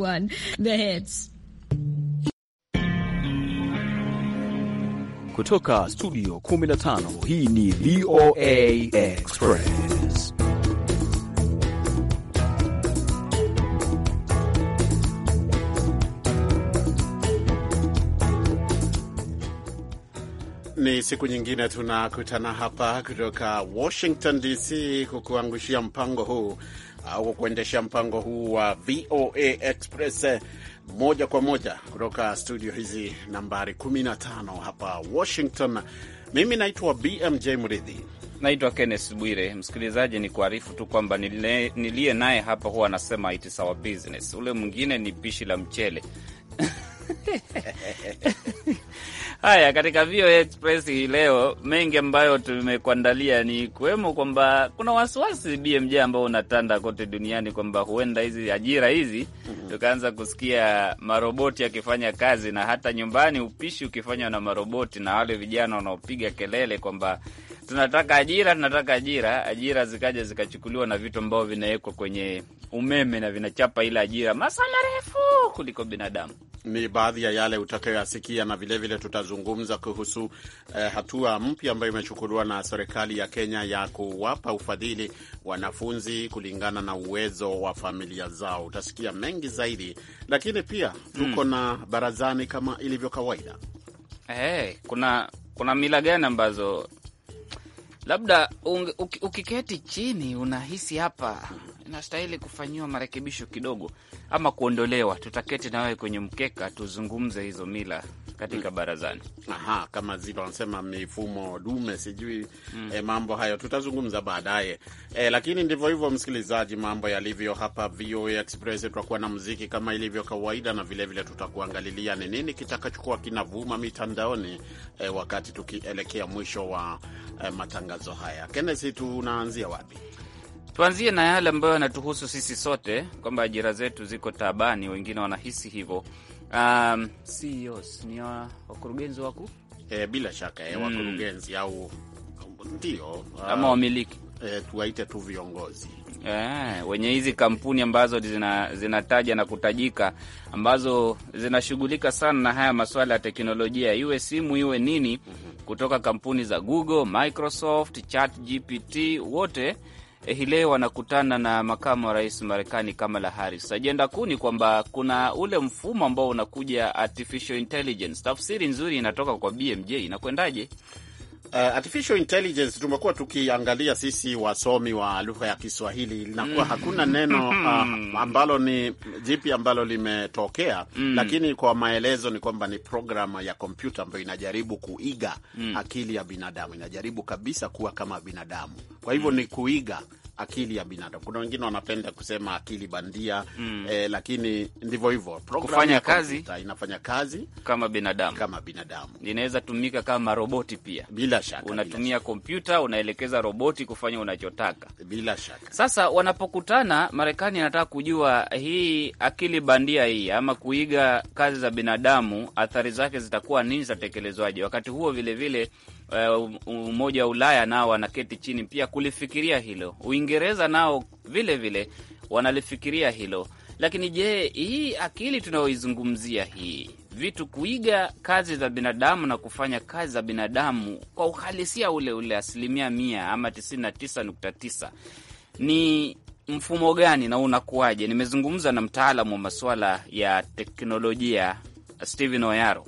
One, the hits. Kutoka studio 15 hii ni VOA Express. Ni siku nyingine tunakutana hapa kutoka Washington DC kukuangushia mpango huu au kuendesha mpango huu wa VOA Express eh, moja kwa moja kutoka studio hizi nambari 15 hapa Washington. Mimi naitwa BMJ Mridhi. Naitwa Kenneth Bwire. Msikilizaji, ni kuarifu tu kwamba niliye naye hapa huwa anasema it is our business, ule mwingine ni pishi la mchele Haya, katika VOA Express hii leo, mengi ambayo tumekuandalia ni kuwemo kwamba kuna wasiwasi BMJ ambao unatanda kote duniani kwamba huenda hizi ajira hizi mm -hmm. tukaanza kusikia maroboti yakifanya kazi na hata nyumbani upishi ukifanywa na maroboti, na wale vijana wanaopiga kelele kwamba tunataka ajira, tunataka ajira, ajira zikaja zikachukuliwa na vitu ambavyo vinawekwa kwenye umeme na vinachapa ile ajira masaa marefu kuliko binadamu. Ni baadhi ya yale utakayoyasikia, na vilevile tutazungumza kuhusu eh, hatua mpya ambayo imechukuliwa na serikali ya Kenya ya kuwapa ufadhili wanafunzi kulingana na uwezo wa familia zao. Utasikia mengi zaidi, lakini pia tuko hmm, na barazani kama ilivyo kawaida. Hey, eh, kuna kuna mila gani ambazo labda ukiketi chini unahisi hapa nastahili kufanyiwa marekebisho kidogo ama kuondolewa. Tutaketi nawe kwenye mkeka tuzungumze hizo mila katika mm. barazani. Aha, kama zile wanasema mifumo dume sijui mm. E, mambo hayo tutazungumza baadaye e, lakini ndivyo hivyo msikilizaji, mambo yalivyo hapa VOA Express. Tutakuwa na mziki kama ilivyo kawaida, na vilevile tutakuangalilia ni nini kitakachokuwa kinavuma mitandaoni e, wakati tukielekea mwisho wa e, matangazo haya. Kenesi, tunaanzia wapi? Tuanzie na yale ambayo yanatuhusu sisi sote kwamba ajira zetu ziko taabani, wengine wanahisi hivyo. Um, CEOs ni wakurugenzi wakuu e, bila shaka e, wakurugenzi au ndio ah, ama wamiliki e, tuwaite tu viongozi e, wenye hizi kampuni ambazo zina, zinataja na kutajika ambazo zinashughulika sana na haya masuala ya teknolojia, iwe simu iwe nini, mhm. kutoka kampuni za Google, Microsoft, ChatGPT, wote Eh, hii leo wanakutana na makamu wa rais Marekani Kamala Harris. Ajenda kuu ni kwamba kuna ule mfumo ambao unakuja artificial intelligence. Tafsiri nzuri inatoka kwa BMJ, inakwendaje? Uh, artificial intelligence tumekuwa tukiangalia sisi wasomi wa lugha ya Kiswahili linakuwa mm. hakuna neno uh, ambalo ni jipi ambalo limetokea mm. lakini kwa maelezo ni kwamba ni programu ya kompyuta ambayo inajaribu kuiga mm. akili ya binadamu, inajaribu kabisa kuwa kama binadamu. Kwa hivyo mm. ni kuiga akili ya binadamu. Kuna wengine wanapenda kusema akili bandia mm. Eh, lakini ndivyo hivyo, kufanya kazi inafanya kazi kama binadamu, kama binadamu inaweza tumika kama roboti pia. Bila shaka unatumia kompyuta, unaelekeza roboti kufanya unachotaka. Bila shaka. Sasa wanapokutana, Marekani anataka kujua hii akili bandia hii ama kuiga kazi za binadamu, athari zake zitakuwa nini, zitatekelezwaje? Wakati huo vilevile vile, Eh, um, umoja wa Ulaya nao wanaketi chini pia kulifikiria hilo. Uingereza nao vilevile vile wanalifikiria hilo. Lakini je, hii akili tunayoizungumzia hii vitu kuiga kazi za binadamu na kufanya kazi za binadamu kwa uhalisia ule ule asilimia mia ama tisini na tisa nukta tisa ni mfumo gani na unakuwaje? Nimezungumza na mtaalamu wa masuala ya teknolojia Steven Oyaro.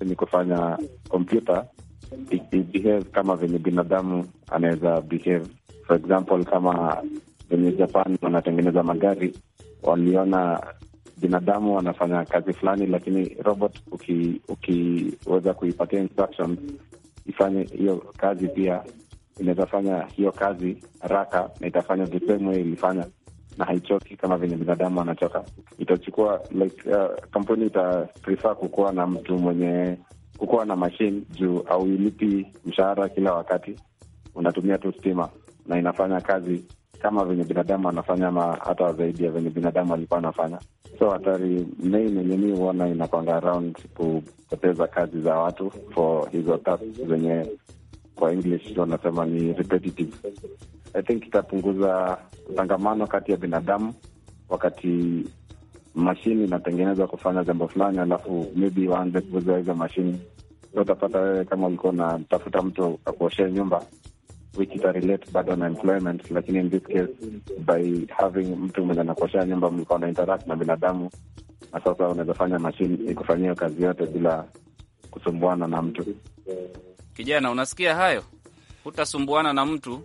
Ni kufanya kompyuta behave kama venye binadamu anaweza behave. For example, kama venye Japan wanatengeneza magari, waliona binadamu wanafanya kazi fulani, lakini robot ukiweza uki, kuipatia instructions ifanye hiyo kazi pia inaweza fanya hiyo kazi haraka na itafanya vipemwe ilifanya na haichoki kama venye binadamu anachoka. Itachukua like, uh, kampuni ita prefer kukuwa na mtu mwenye kukuwa na mashine juu au ilipi mshahara kila wakati, unatumia tu stima na inafanya kazi kama venye binadamu anafanya ama hata zaidi ya venye binadamu alikuwa anafanya. So hatari main yenye mi huona inakwanga around kupoteza kazi za watu for hizo tasks zenye kwa English wanasema ni repetitive. I think itapunguza utangamano kati ya binadamu wakati mashini inatengenezwa kufanya jambo fulani, alafu maybe waanze kuuza hizo mashini. Utapata wewe kama ulikuwa unatafuta mtu akuoshee nyumba which bado na employment, lakini in this case by having mtu mwenye anakuoshea nyumba mlikuwa na interact na binadamu, na sasa unaweza fanya mashini ikufanyia kazi yote bila kusumbuana na mtu. Kijana, unasikia hayo? Hutasumbuana na mtu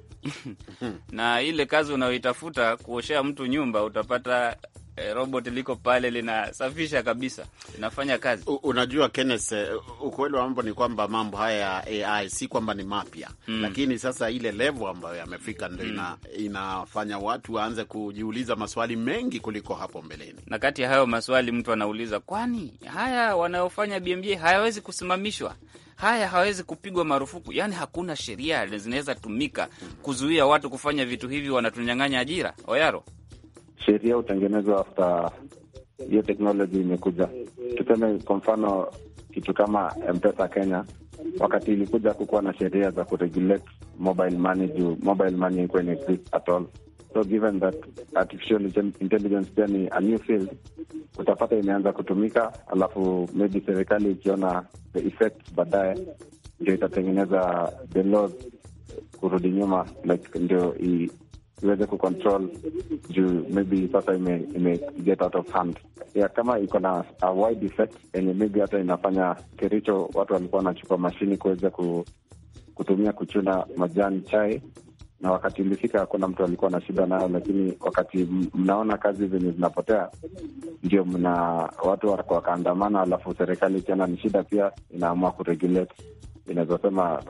na ile kazi unayoitafuta kuoshea mtu nyumba, utapata e, robot liko pale linasafisha kabisa, linafanya kazi. U, unajua Kenneth, eh, ukweli wa mambo ni kwamba mambo haya ya AI si kwamba ni mapya mm. Lakini sasa ile level ambayo yamefika ndio hmm. ina, mm. inafanya watu waanze kujiuliza maswali mengi kuliko hapo mbeleni, na kati ya hayo maswali mtu anauliza, kwani haya wanayofanya BMJ hayawezi kusimamishwa? Haya hawezi kupigwa marufuku? Yaani hakuna sheria zinaweza tumika kuzuia watu kufanya vitu hivi, wanatunyang'anya ajira oyaro sheria hutengenezwa after hiyo teknoloji imekuja. Tuseme kwa mfano kitu kama Mpesa Kenya, wakati ilikuja kukuwa na sheria za kuregulate mobile money juu mobile money exist at all. So given that artificial intelligence pia ni a new field, utapata imeanza kutumika, alafu maybe serikali ikiona the baadaye ndio itatengeneza the laws kurudi nyuma, like ndio iweze kucontrol juu maybe sasa ime, ime get out of hand yeah, kama iko na a wide effect yenye maybe hata inafanya Kericho watu walikuwa wanachukua mashini kuweza kutumia kuchuna majani chai na wakati ilifika hakuna mtu alikuwa na shida nayo, lakini wakati mnaona kazi zenye zinapotea, ndio mna watu wakaandamana, alafu serikali ikiona ni shida pia inaamua kuregulate, inazosema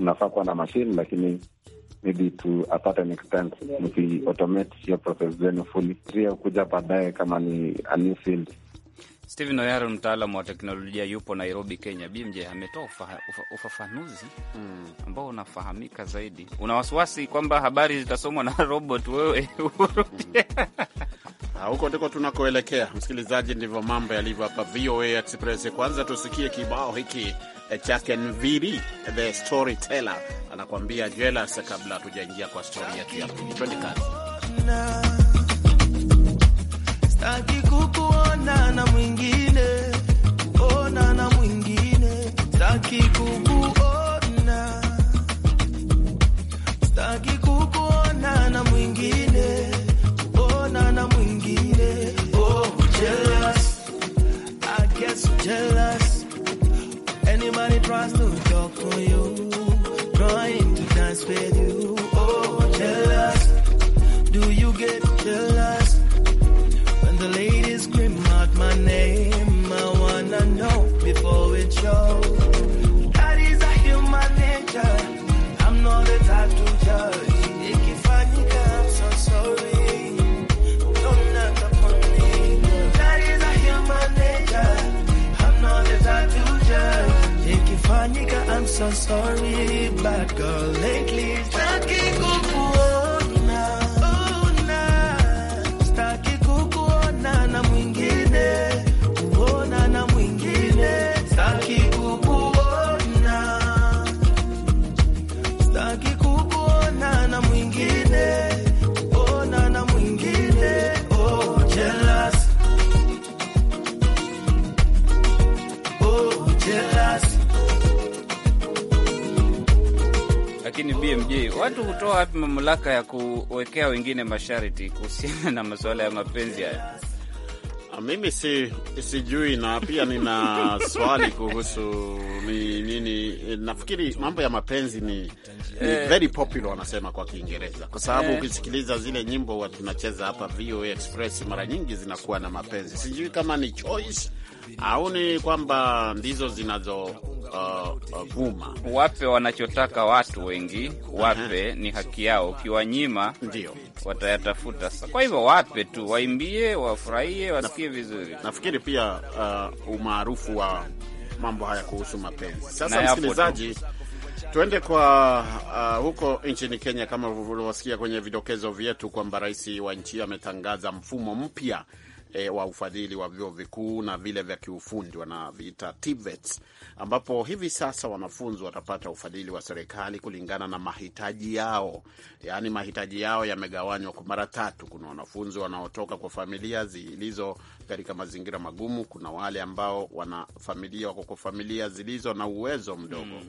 mnafaa kuwa na mashine, lakini maybe to a certain extent mki automate hiyo process zenu fully, pia kuja baadaye kama ni a new field. Oyaro, mtaalamu wa teknolojia, yupo Nairobi, Kenya. BMJ ametoa ufa, ufa, ufafanuzi hmm. ambao unafahamika zaidi. Una wasiwasi kwamba habari zitasomwa na robot? Wewe urudi huko ndiko tunakoelekea, msikilizaji. Ndivyo mambo yalivyo hapa VOA Express. Kwanza tusikie kibao hiki Chakenviri the Storyteller anakuambia jealous, kabla hatujaingia kwa stori yetu ya pili. Twende kazi. mamlaka ya kuwekea wengine masharti kuhusiana na masuala ya mapenzi hayo? Ah, mimi si sijui, na pia nina swali kuhusu ni nini. Nafikiri mambo ya mapenzi ni, ni eh. very popular wanasema kwa Kiingereza, kwa sababu eh. ukisikiliza zile nyimbo tunacheza hapa VOA Express mara nyingi zinakuwa na mapenzi. Sijui kama ni choice au ni kwamba ndizo zinazo vuma uh, uh, wape wanachotaka watu wengi wape. -huh. Ni haki yao, ukiwanyima ndio watayatafuta. Kwa hivyo wape tu, waimbie, wafurahie, wasikie vizuri. Nafikiri pia uh, umaarufu wa mambo haya kuhusu mapenzi. Sasa msikilizaji, tuende kwa uh, huko nchini Kenya, kama ulivyosikia kwenye vidokezo vyetu kwamba rais wa nchi hiyo ametangaza mfumo mpya e, wa ufadhili wa vyuo vikuu na vile vya kiufundi wanaviita TVETs, ambapo hivi sasa wanafunzi watapata ufadhili wa serikali kulingana na mahitaji yao. Yaani mahitaji yao yamegawanywa kwa mara tatu. Kuna wanafunzi wanaotoka kwa familia zilizo katika mazingira magumu, kuna wale ambao wana familia wako kwa familia zilizo na uwezo mdogo mm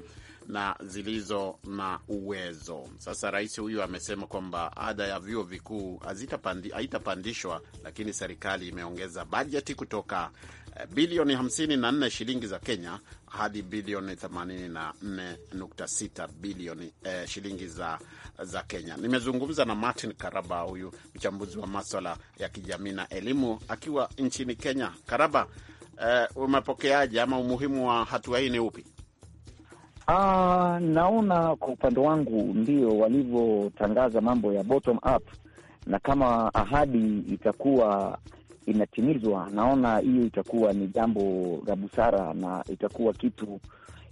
na zilizo na uwezo. Sasa rais huyu amesema kwamba ada ya vyuo vikuu haitapandishwa, lakini serikali imeongeza bajeti kutoka eh, bilioni 54 shilingi za Kenya hadi bilioni 84.6 bilioni eh, shilingi za, za Kenya. Nimezungumza na Martin Karaba, huyu mchambuzi wa maswala ya kijamii na elimu akiwa nchini Kenya. Karaba, eh, umepokeaje ama umuhimu wa hatua hii ni upi? Aa, ah, naona kwa upande wangu ndio walivyotangaza mambo ya bottom up, na kama ahadi itakuwa inatimizwa, naona hiyo itakuwa ni jambo la busara na itakuwa kitu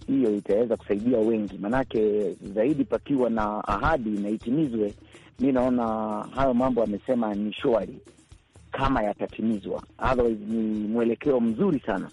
hiyo itaweza kusaidia wengi, manake zaidi pakiwa na ahadi na itimizwe. Mi naona hayo mambo amesema ni shwari kama yatatimizwa, otherwise ni mwelekeo mzuri sana,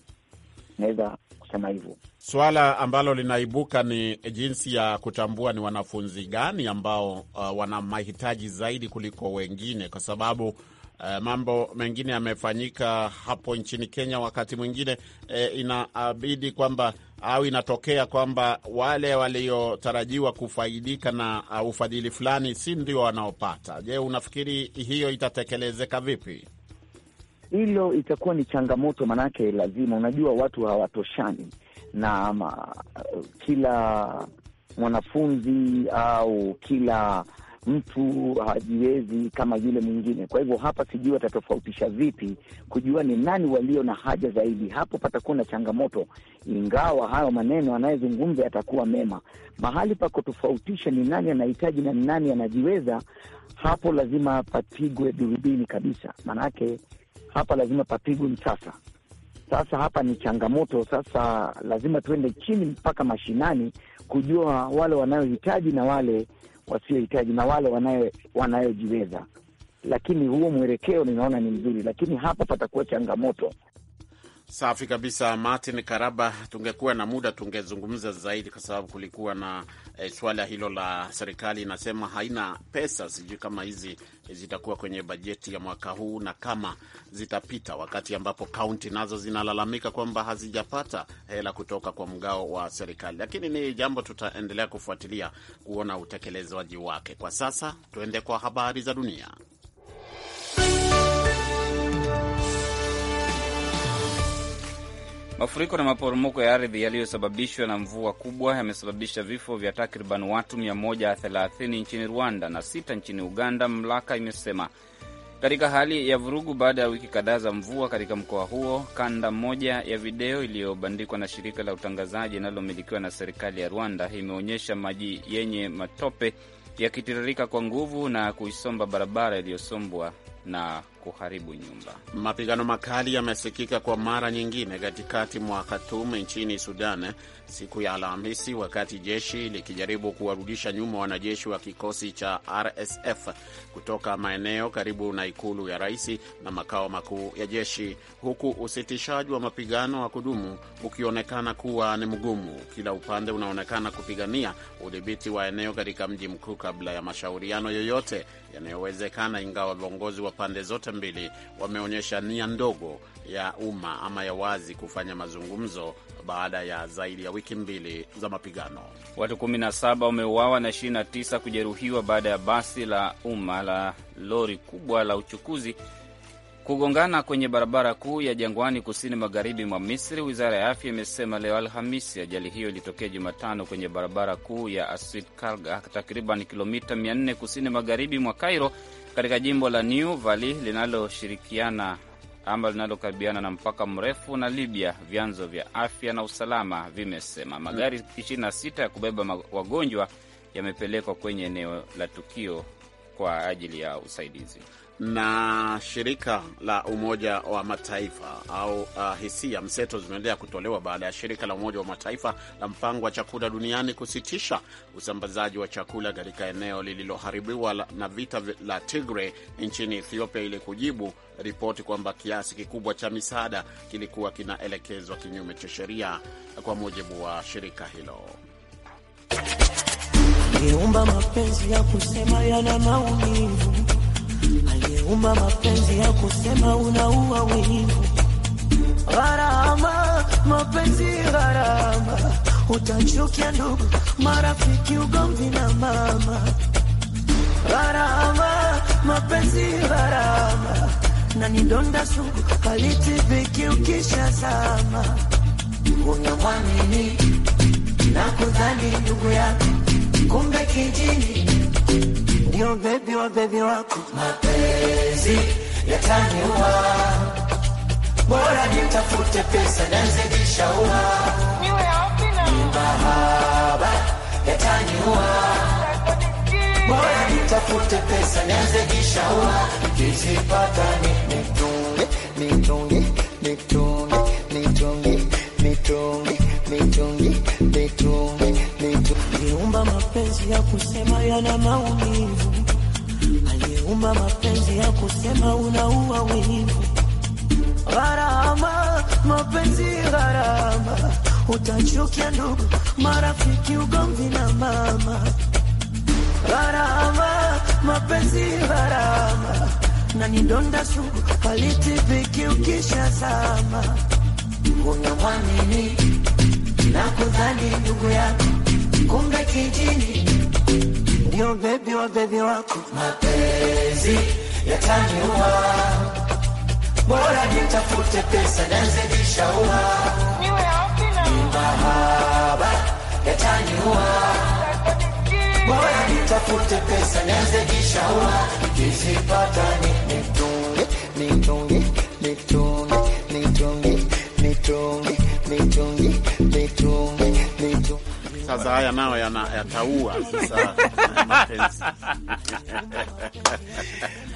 naweza kusema hivyo. Swala ambalo linaibuka ni jinsi ya kutambua ni wanafunzi gani ambao uh, wana mahitaji zaidi kuliko wengine, kwa sababu uh, mambo mengine yamefanyika hapo nchini Kenya. Wakati mwingine eh, inabidi kwamba au inatokea kwamba wale waliotarajiwa kufaidika na uh, ufadhili fulani si ndio wanaopata. Je, unafikiri hiyo itatekelezeka vipi? Hilo itakuwa ni changamoto, manake lazima, unajua watu hawatoshani na ma, kila mwanafunzi au kila mtu hajiwezi kama yule mwingine. Kwa hivyo hapa sijui watatofautisha vipi kujua ni nani walio na haja zaidi. Hapo patakuwa na changamoto, ingawa hayo maneno anayezungumza yatakuwa mema. Mahali pa kutofautisha ni nani anahitaji na ni nani anajiweza, hapo lazima papigwe durubini kabisa, maanake hapa lazima papigwe msasa. Sasa hapa ni changamoto. Sasa lazima tuende chini mpaka mashinani kujua wale wanayohitaji na wale wasiohitaji na wale wanayo wanayojiweza, lakini huo mwelekeo ninaona ni mzuri, lakini hapa patakuwa changamoto Safi kabisa, Martin Karaba. Tungekuwa na muda tungezungumza zaidi, kwa sababu kulikuwa na e, swala hilo la serikali inasema haina pesa. Sijui kama hizi zitakuwa kwenye bajeti ya mwaka huu na kama zitapita, wakati ambapo kaunti nazo zinalalamika kwamba hazijapata hela kutoka kwa mgao wa serikali. Lakini ni jambo tutaendelea kufuatilia kuona utekelezaji wake. Kwa sasa tuende kwa habari za dunia. Mafuriko na maporomoko ya ardhi yaliyosababishwa na mvua kubwa yamesababisha vifo vya takriban watu 130 nchini Rwanda na sita nchini Uganda, mamlaka imesema katika hali ya vurugu baada ya wiki kadhaa za mvua katika mkoa huo. Kanda moja ya video iliyobandikwa na shirika la utangazaji linalomilikiwa na serikali ya Rwanda imeonyesha maji yenye matope yakitiririka kwa nguvu na kuisomba barabara iliyosombwa na kuharibu nyumba. Mapigano makali yamesikika kwa mara nyingine katikati mwa Khartoum nchini Sudan siku ya Alhamisi, wakati jeshi likijaribu kuwarudisha nyuma wanajeshi wa kikosi cha RSF kutoka maeneo karibu na ikulu ya rais na makao makuu ya jeshi, huku usitishaji wa mapigano wa kudumu ukionekana kuwa ni mgumu. Kila upande unaonekana kupigania udhibiti wa eneo katika mji mkuu kabla ya mashauriano yoyote yanayowezekana, ingawa viongozi wa pande zote mbili wameonyesha nia ndogo ya umma ama ya wazi kufanya mazungumzo baada ya zaidi ya wiki mbili za mapigano. Watu 17 wameuawa na 29 kujeruhiwa baada ya basi la umma la lori kubwa la uchukuzi kugongana kwenye barabara kuu ya Jangwani, kusini magharibi mwa Misri, wizara ya afya imesema leo Alhamisi. Ajali hiyo ilitokea Jumatano kwenye barabara kuu ya Aswit Karga, takriban kilomita 400 kusini magharibi mwa Cairo, katika jimbo la New Valley linaloshirikiana ama linalokaribiana na mpaka mrefu na Libya, vyanzo vya afya na usalama vimesema. Magari 26 ya kubeba wagonjwa yamepelekwa kwenye eneo la tukio kwa ajili ya usaidizi na shirika la Umoja wa Mataifa au uh, hisia mseto zimeendelea kutolewa baada ya shirika la Umoja wa Mataifa la mpango wa chakula duniani kusitisha usambazaji wa chakula katika eneo lililoharibiwa na vita la Tigre nchini Ethiopia ili kujibu ripoti kwamba kiasi kikubwa cha misaada kilikuwa kinaelekezwa kinyume cha sheria, kwa mujibu wa shirika hilo. Ngeumba mapenzi ya kusema yana maumivu aliyeumba mapenzi ya kusema unaua wivu. Gharama mapenzi gharama, utachukia ndugu, marafiki, ugomvi na mama. Gharama mapenzi gharama, na ni donda sugu halitibiki ukisha zama. Unamwamini na kudhani ndugu yake kumbe kijini ndio bebi wa bebi wako, mapenzi yataniua, bora nitafute pesa nazidisha ua, yataniua, nitunge nitunge nitunge nitunge nitunge mapenzi ya kusema yana maumivu, aliyeumba mapenzi ya kusema unaua wivu. Gharama mapenzi gharama, utachukia ndugu, marafiki, ugomvi na mama. Gharama mapenzi gharama, na ni donda sugu halitibiki ukishazama. Unamwamini na kudhani ndugu yako kumbe kijini ndio bebi wa bebi wako. Mapenzi yataniua, bora nitafute pesa nazejishaua. Mahaba yataniua, bora nitafute pesa nazejishaua. Ikizipata ni nitunge, nitunge, nitunge, nitunge, nitunge, nitunge, nitunge sasa haya nayo yataua sasa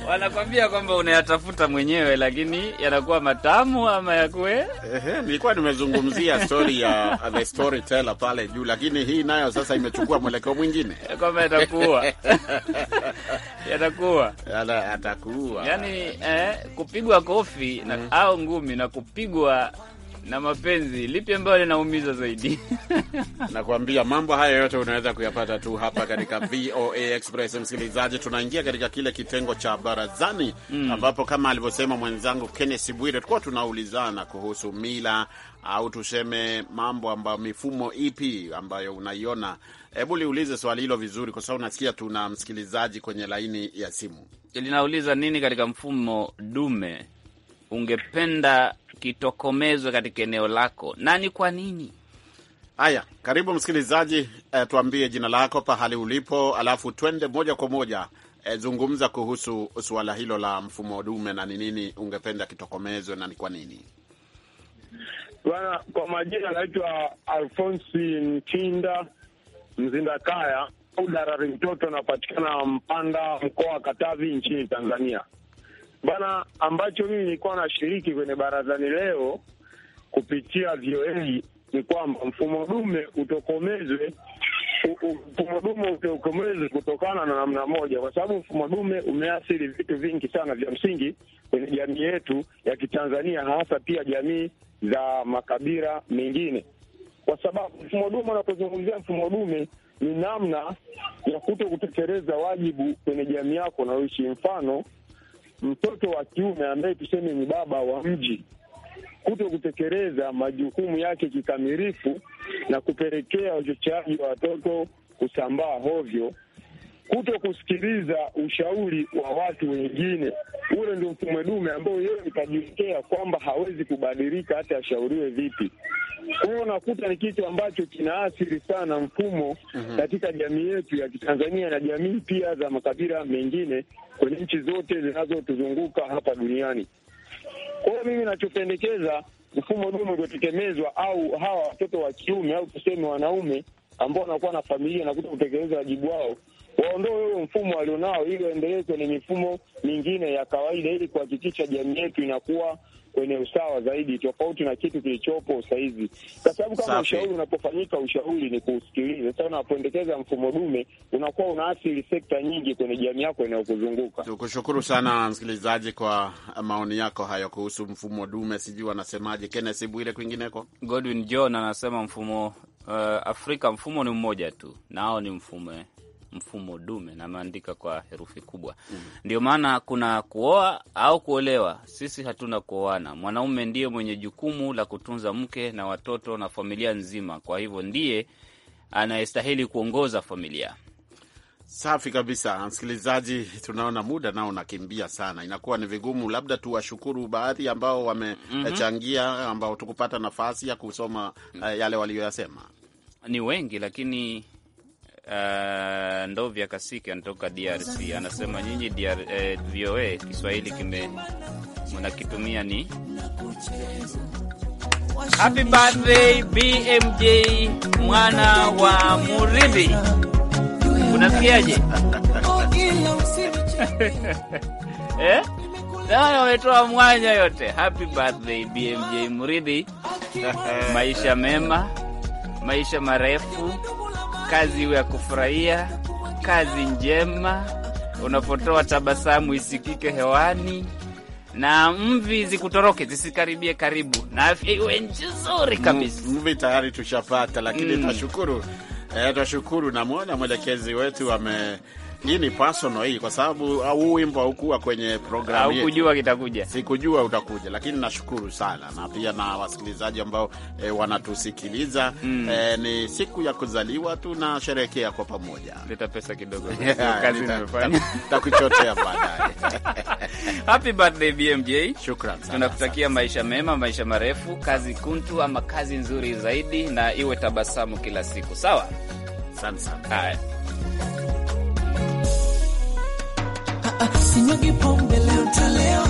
wanakwambia kwamba unayatafuta mwenyewe, lakini yanakuwa matamu ama yakuwe. Ehe, nilikuwa nimezungumzia story ya uh, the storyteller pale juu, lakini hii nayo sasa imechukua mwelekeo mwingine kwamba yatakuwa yatakuwa atakuwa yani eh, kupigwa kofi na, mm. au ngumi na kupigwa na mapenzi, lipi ambayo linaumiza zaidi? Nakuambia mambo haya yote unaweza kuyapata tu hapa katika VOA Express. Msikilizaji, tunaingia katika kile kitengo cha barazani mm, ambapo kama alivyosema mwenzangu Kenneth Bwire tukuwa tunaulizana kuhusu mila au tuseme mambo ambayo mifumo ipi ambayo unaiona. Hebu liulize swali hilo vizuri, kwa sababu nasikia tuna msikilizaji kwenye laini ya simu. Linauliza nini katika mfumo dume ungependa kitokomezwe katika eneo lako, na ni kwa nini? Haya, karibu msikilizaji, eh, tuambie jina lako, pahali ulipo, alafu twende moja kwa moja eh, zungumza kuhusu suala hilo la mfumo dume na ni nini ungependa kitokomezwe na ni kwa nini. Bwana, kwa majina anaitwa Alfonsi Mchinda Mzindakaya Udarari, mtoto anapatikana Mpanda, mkoa wa Katavi, nchini Tanzania. Bana, ambacho mimi nilikuwa nashiriki kwenye barazani leo kupitia VOA ni kwamba mfumo dume utokomezwe, mfumo dume utokomezwe kutokana na namna moja, kwa sababu mfumo dume umeathiri vitu vingi sana vya msingi kwenye jamii yetu ya Kitanzania, hasa pia jamii za makabila mengine, kwa sababu mfumo dume, unapozungumzia mfumo dume ni namna ya kuto kutekeleza wajibu kwenye jamii yako unaoishi. Mfano mtoto wa kiume ambaye tuseme ni baba wa mji kuto kutekeleza majukumu yake kikamilifu na kupelekea uchochaji wa watoto kusambaa hovyo kuto kusikiliza ushauri wa watu wengine. Ule ndio mfumo dume ambao yeye ikajiwekea kwamba hawezi kubadilika hata ashauriwe vipi. Kwa hiyo unakuta ni kitu ambacho kinaathiri sana mfumo mhm. katika jamii yetu ya Kitanzania na jamii pia za makabila mengine kwenye nchi zote zinazotuzunguka hapa duniani. Kwa hiyo mimi nachopendekeza mfumo dume uliotekemezwa au hawa watoto wa kiume au tuseme wanaume ambao wanakuwa na familia nakuta kutekeleza wajibu wao waondoe huo mfumo walionao, ili waendelee kwenye mifumo mingine ya kawaida, ili kuhakikisha jamii yetu inakuwa kwenye usawa zaidi, tofauti na kitu kilichopo sahizi, kwa sababu kama ushauri unapofanyika, ushauri ni kuusikiliza. Sasa unapoendekeza mfumo dume, unakuwa unaathiri sekta nyingi kwenye jamii yako inayokuzunguka. Tukushukuru sana msikilizaji kwa maoni yako hayo kuhusu mfumo dume. Sijui wanasemaje Kenneth Bwire kwingineko. Godwin John anasema mfumo uh, Afrika mfumo ni mmoja tu, nao ni mfumo eh mfumo dume, na ameandika kwa herufi kubwa mm. Ndio maana kuna kuoa au kuolewa. Sisi hatuna kuoana. Mwanaume ndiye mwenye jukumu la kutunza mke na watoto na familia nzima, kwa hivyo ndiye anayestahili kuongoza familia. Safi kabisa, msikilizaji, tunaona muda nao nakimbia sana, inakuwa ni vigumu. Labda tuwashukuru baadhi ambao wamechangia, mhm. eh, mm -hmm. ambao tukupata nafasi ya kusoma uh, yale waliyoyasema. Ni wengi lakini Uh, Ndovya Kasiki anatoka DRC anasema nyinyi DR, eh, VOA Kiswahili kime mnakitumia ni Happy birthday BMJ mwana wa Muridhi, unasikiaje? eh? mwanya yote. Happy birthday BMJ Muridhi maisha mema, maisha marefu kazi iwe ya kufurahia, kazi njema, unapotoa tabasamu isikike hewani na mvi zikutoroke zisikaribie karibu, na afya iwe nzuri kabisa. Mvi tayari tushapata, lakini mm. tashukuru eh, twashukuru. Namwona mwelekezi wetu ame hii ni personal hii, kwa sababu ah, huu wimbo haukuwa kwenye programu yetu, hukujua kitakuja. Sikujua utakuja, lakini nashukuru sana, na pia na wasikilizaji ambao e, wanatusikiliza mm. E, ni siku ya kuzaliwa, tunasherehekea kwa pamoja. Leta pesa kidogo, kazi nimefanya, takuchotea baadaye. Happy birthday BMJ, shukran sana, tunakutakia maisha mema, maisha marefu, kazi kuntu ama kazi nzuri zaidi, na iwe tabasamu kila siku. Sawa, asante sana. Haya. Ah, sinyagi pombe leo taleo,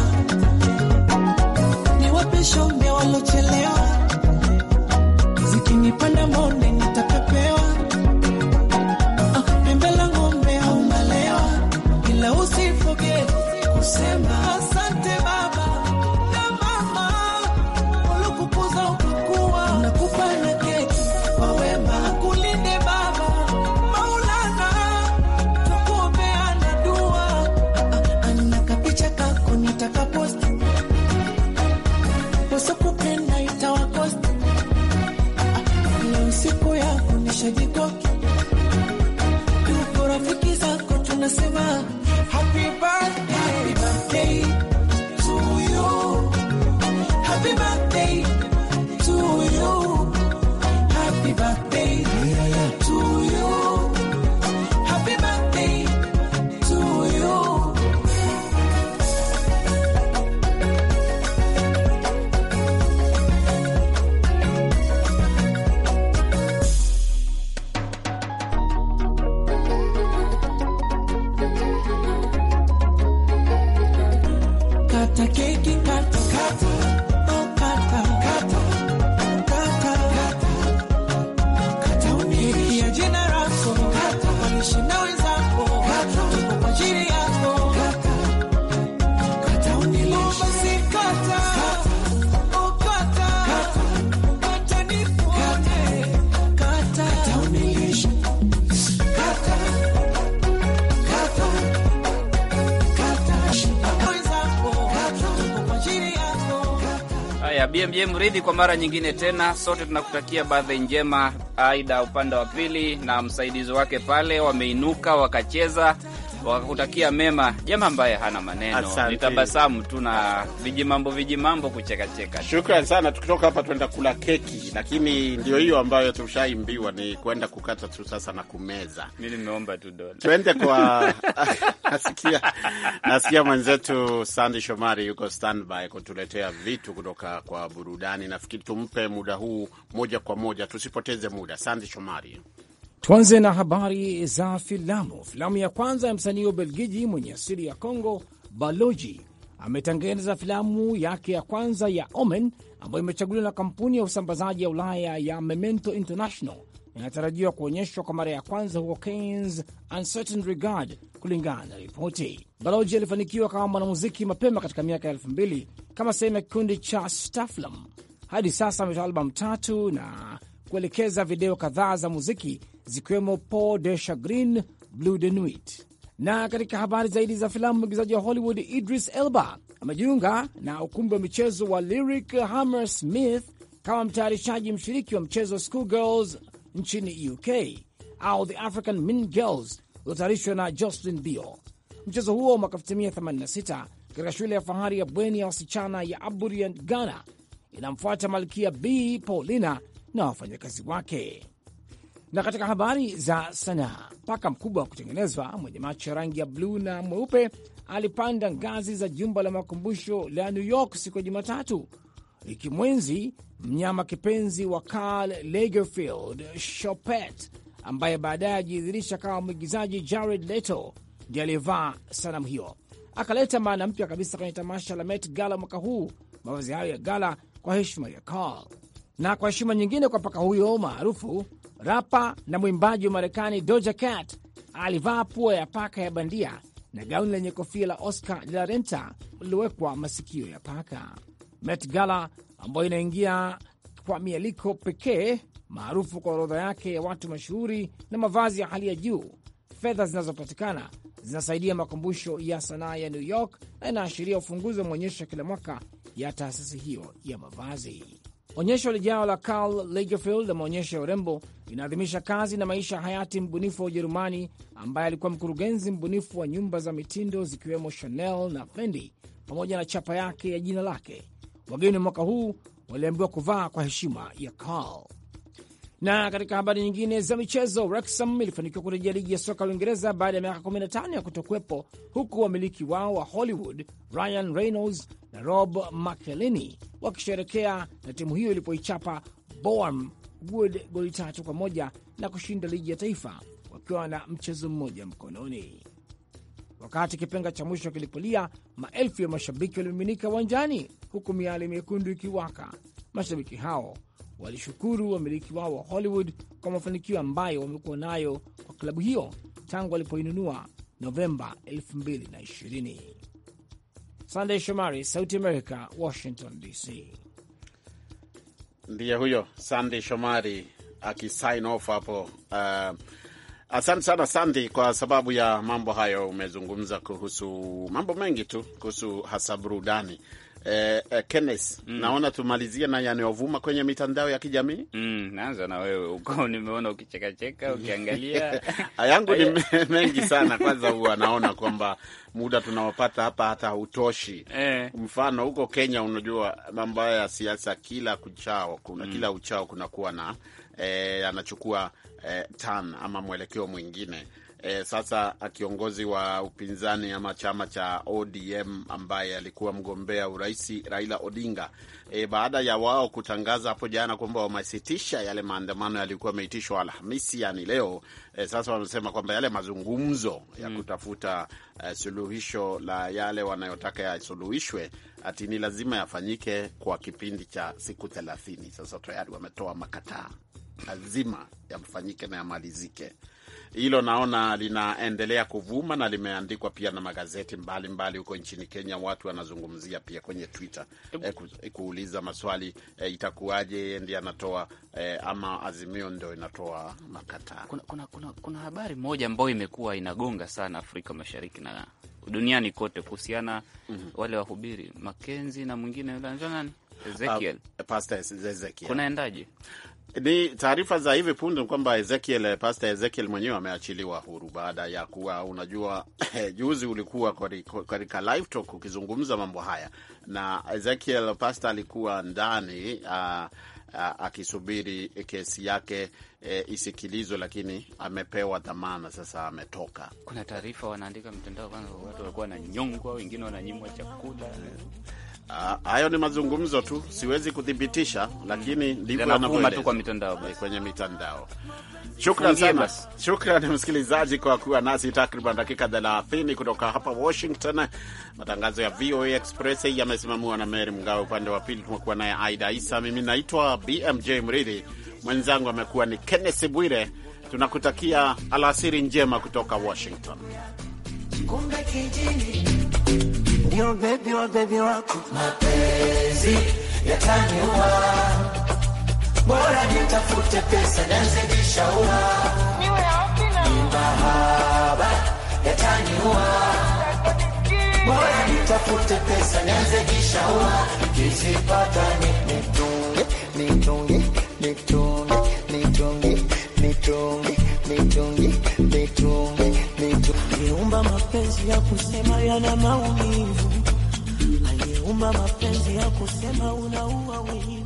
niwape shombe walochelewa Haya, BMJ Mridhi, kwa mara nyingine tena sote tunakutakia birthday njema. Aida upande wa pili na msaidizi wake pale wameinuka wakacheza wakakutakia mema. jema ambaye hana maneno ni tabasamu tu na vijimambo vijimambo, kuchekacheka. Shukran sana. Tukitoka hapa tuenda kula keki, lakini ndio hiyo ambayo tushaimbiwa ni kwenda kukata tu sasa na kumeza. Mi nimeomba tu dola, tuende kwa nasikia, nasikia mwenzetu Sandi Shomari yuko standby kutuletea vitu kutoka kwa burudani. Nafikiri tumpe muda huu moja kwa moja, tusipoteze muda. Sandi Shomari. Tuanze na habari za filamu. Filamu ya kwanza ya msanii wa Ubelgiji mwenye asili ya congo Baloji ametengeneza filamu yake ya kwanza ya Omen ambayo imechaguliwa na kampuni ya usambazaji ya Ulaya ya Memento International. Inatarajiwa kuonyeshwa kwa mara ya kwanza huko Cannes, Uncertain Regard, kulingana na ripoti. Baloji alifanikiwa kama mwanamuziki mapema katika miaka ya elfu mbili kama sehemu ya kikundi cha staflam Hadi sasa ametoa albamu tatu na kuelekeza video kadhaa za muziki zikiwemo paul de Chagrin, Blue de Nuit. Na katika habari zaidi za filamu, mwigizaji wa Hollywood Idris Elba amejiunga na ukumbi wa michezo wa Lyric Hammersmith kama mtayarishaji mshiriki wa mchezo Schoolgirls nchini UK au The African Mean Girls uliotayarishwa na Jocelyn Bio. Mchezo huo mwaka 1986 katika shule ya fahari ya bweni ya wasichana ya Aburian, Ghana, inamfuata malkia B Paulina na wafanyakazi wake. Na katika habari za sanaa, paka mkubwa wa kutengenezwa mwenye macho ya rangi ya bluu na mweupe alipanda ngazi za jumba la makumbusho la New York siku ya Jumatatu, ikimwenzi mnyama kipenzi wa Karl Lagerfeld Chopet, ambaye baadaye ajidhirisha kama mwigizaji Jared Leto ndiye aliyevaa sanamu hiyo. Akaleta maana mpya kabisa kwenye tamasha la Met Gala mwaka huu, mavazi hayo ya gala kwa heshima ya Karl. Na kwa heshima nyingine kwa paka huyo maarufu Rapa na mwimbaji wa Marekani Doja Cat alivaa pua ya paka ya bandia na gauni lenye kofia la Oscar de la Renta lililowekwa masikio ya paka. Met Gala ambayo inaingia kwa mialiko pekee maarufu kwa orodha yake ya watu mashuhuri na mavazi ya hali ya juu. Fedha zinazopatikana zinasaidia makumbusho ya sanaa ya New York na inaashiria ufunguzi wa maonyesho ya kila mwaka ya taasisi hiyo ya mavazi. Onyesho lijao la Karl Lagerfeld la maonyesho ya urembo linaadhimisha kazi na maisha ya hayati mbunifu wa Ujerumani ambaye alikuwa mkurugenzi mbunifu wa nyumba za mitindo zikiwemo Chanel na Fendi pamoja na chapa yake ya jina lake. Wageni mwaka huu waliambiwa kuvaa kwa heshima ya Karl. Na katika habari nyingine za michezo, Wrexham ilifanikiwa kurejea ligi ya soka ya Uingereza baada ya miaka 15 ya kutokuwepo, huku wamiliki wao wa Hollywood Ryan Reynolds na Rob McElhenney wakisherekea na timu hiyo ilipoichapa Bournemouth goli tatu kwa moja na kushinda ligi ya taifa wakiwa na mchezo mmoja mkononi. Wakati kipenga cha mwisho kilipolia, maelfu ya mashabiki walimiminika uwanjani, huku miali miekundu ikiwaka. Mashabiki hao walishukuru wamiliki wao wa Hollywood kwa mafanikio ambayo wamekuwa nayo kwa klabu hiyo tangu walipoinunua Novemba 2020. Sandey Shomari, Sauti America, Washington DC. Ndiye huyo Sandey Shomari akisign off hapo. Uh, asante sana Sandi kwa sababu ya mambo hayo. Umezungumza kuhusu mambo mengi tu kuhusu hasa burudani Eh, eh, Kenneth, mm. Naona tumalizie na yanayovuma kwenye mitandao ya kijamii mm. Naanza na wewe uko, nimeona ukichekacheka ukiangalia yangu ni mengi sana. Kwanza huwa naona kwamba muda tunaopata hapa hata hautoshi eh. Mfano huko Kenya, unajua mambo haya ya siasa, kila kuchao kuna mm. kila uchao kunakuwa na eh, anachukua eh, tan ama mwelekeo mwingine E, sasa kiongozi wa upinzani ama chama cha ODM ambaye alikuwa mgombea urais Raila Odinga, e, baada ya wao kutangaza hapo jana kwamba wamesitisha yale maandamano yalikuwa ameitishwa Alhamisi, yani leo e, sasa wamesema kwamba yale mazungumzo ya hmm. kutafuta e, suluhisho la yale wanayotaka yasuluhishwe ati ni lazima yafanyike kwa kipindi cha siku thelathini. Sasa tayari wametoa makataa, lazima yafanyike na yamalizike hilo naona linaendelea kuvuma na limeandikwa pia na magazeti mbalimbali huko mbali nchini Kenya. Watu wanazungumzia pia kwenye Twitter eh, ku, kuuliza maswali eh, itakuwaje ndi anatoa eh, ama Azimio ndo inatoa makataa. Kuna, kuna, kuna, kuna habari moja ambayo imekuwa inagonga sana Afrika Mashariki na duniani kote kuhusiana mm -hmm. wale wahubiri Makenzi na mwingine nani Ezekiel. Uh, Pastor Ezekiel. Kunaendaje? Ni taarifa za hivi punde kwamba Ezekiel, eh, Pastor Ezekiel mwenyewe ameachiliwa huru baada ya kuwa, unajua juzi ulikuwa katika live talk ukizungumza mambo haya na Ezekiel Pastor alikuwa ndani uh, akisubiri kesi yake e, isikilizwe, lakini amepewa dhamana sasa, ametoka. Kuna taarifa wanaandika mtandao, kwanza watu walikuwa wananyongwa, wengine wananyimwa chakula Ah, hayo ni mazungumzo tu, siwezi kuthibitisha, lakini mm. ndivyo tu kwa mitandao, kwenye mitandao. Shukran sana, shukran msikilizaji kwa kuwa nasi takriban dakika 30 kutoka hapa Washington. Matangazo ya VOA Express yamesimamiwa na Mary Mgawe, upande wa pili tumekuwa naye Aida Isa, mimi naitwa BMJ Mridhi, mwenzangu amekuwa ni Kenneth Bwire. Tunakutakia alasiri njema kutoka Washington ndio bebi wa bebi wako, mapenzi yataniua, bora nitafute pesa nazidishaua, mahaba yataniua, bora nitafute pesa nazidishaua, nikizipata nitunge nitunge nitunge nitunge nitunge Aliyeumba mapenzi ya kusema yana maumivu, aliyeumba mapenzi ya kusema unaua wengi